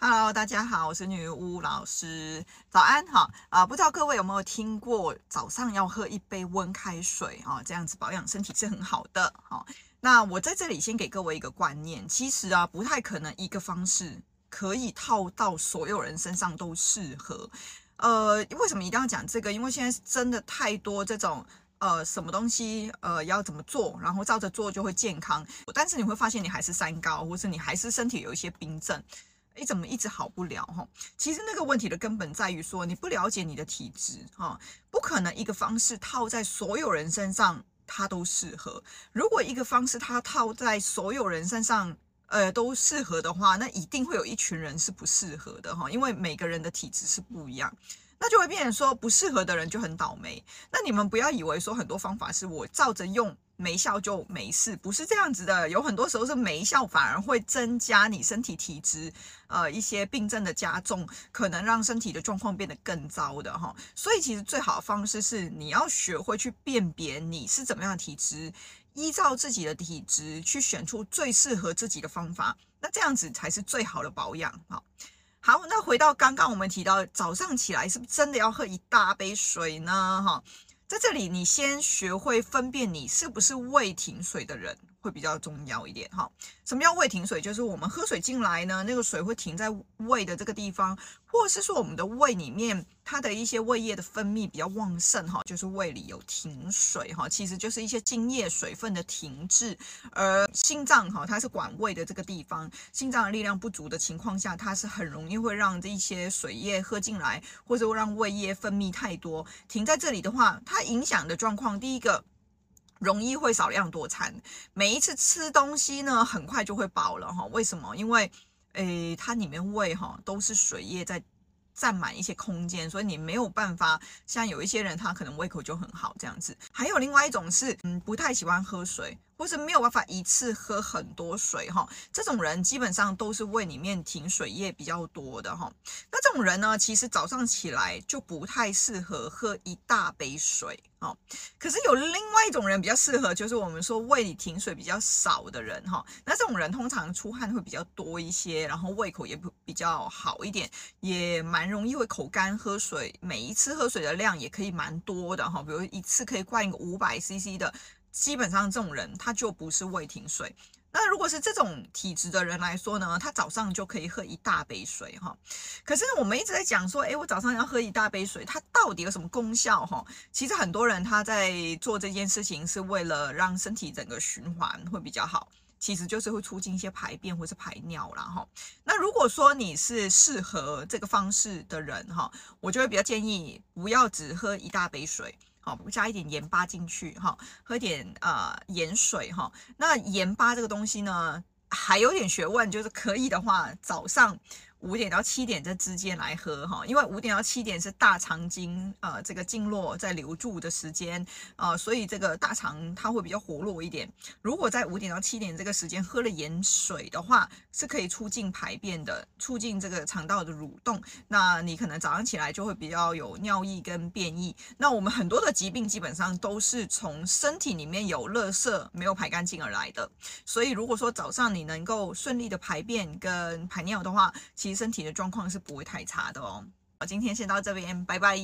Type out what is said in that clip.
Hello，大家好，我是女巫老師，早安好啊！不知道各位有沒有聽過早上要喝一杯溫開水啊，這樣子保養身體是很好的。好，啊，那我在這裡先給各位一個觀念，其實啊，不太可能一個方式可以套到所有人身上都適合。呃，為什麼一定要講這個？因為現在真的太多這種呃什麼東西呃要怎麼做，然後照着做就會健康，但是你會發現你還是三高，或是你還是身體有一些病症。你怎麼一直好不了哈？其實那個問題的根本在於說，你不了解你的體質哈，不可能一個方式套在所有人身上它都適合。如果一個方式它套在所有人身上呃都適合的話，那一定會有一群人是不適合的哈，因為每個人的體質是不一樣，那就會變成說不適合的人就很倒霉。那你們不要以為說很多方法是我照着用。沒效就沒事，不是這樣子的。有很多時候是沒效，反而會增加你身體體質，呃，一些病症的加重，可能讓身體的狀況變得更糟的哈。所以其實最好的方式是，你要學會去辨別你是怎麼樣的體質，依照自己的體質去選出最適合自己的方法，那這樣子才是最好的保養哈。好，那回到剛剛我們提到早上起來是不是真的要喝一大杯水呢？哈。在這裡，你先學會分辨你是不是胃停水的人。會比較重要一點哈。什麼叫胃停水？就是我們喝水進來呢，那個水會停在胃的這個地方，或者是說我們的胃裡面它的一些胃液的分泌比較旺盛哈，就是胃裡有停水哈，其實就是一些津液水分的停滯。而心臟哈，它是管胃的這個地方，心臟的力量不足的情況下，它是很容易會讓這一些水液喝進來，或者會讓胃液分泌太多，停在這裡的話，它影響的狀況，第一個。容易會少量多餐，每一次吃東西呢，很快就會飽了哈。為什麼？因為，誒，它裡面胃哈都是水液在占滿一些空間，所以你沒有辦法像有一些人，他可能胃口就很好這樣子。還有另外一種是，嗯，不太喜歡喝水，或是沒有辦法一次喝很多水哈。這種人基本上都是胃裡面停水液比較多的哈。這種人呢，其實早上起來就不太適合喝一大杯水，哦。可是有另外一種人比較適合，就是我們說胃裡停水比較少的人哈，哦。那這種人通常出汗會比較多一些，然後胃口也比較好一點，也蠻容易會口乾喝水。每一次喝水的量也可以蠻多的哈，哦，比如一次可以灌一個五百 CC 的。基本上這種人他就不是胃停水。那如果是這種體質的人來說呢，他早上就可以喝一大杯水哈。可是我們一直在講說，哎、欸，我早上要喝一大杯水，它到底有什麼功效哈？其實很多人他在做這件事情是為了讓身體整個循環會比較好，其實就是會促進一些排便或是排尿啦哈。那如果說你是適合這個方式的人哈，我就會比較建議不要只喝一大杯水。加一點鹽巴進去，哈，喝點啊、呃、鹽水，哈。那鹽巴這個東西呢，還有點學問，就是可以的話，早上，五點到七點這之間來喝哈，因為五點到七點是大腸經啊、呃，這個經絡在流注的時間啊、呃，所以這個大腸它會比較活絡一點。如果在五點到七點這個時間喝了鹽水的話，是可以促進排便的，促進這個腸道的蠕動。那你可能早上起來就會比較有尿意跟便意。那我們很多的疾病基本上都是從身體裡面有垃圾沒有排乾淨而來的。所以如果說早上你能夠順利的排便跟排尿的話，身體的狀況是不會太差的哦。我今天先到這邊，拜拜。